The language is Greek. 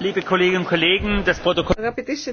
Liebe Kolleginnen und Kollegen, das Protokoll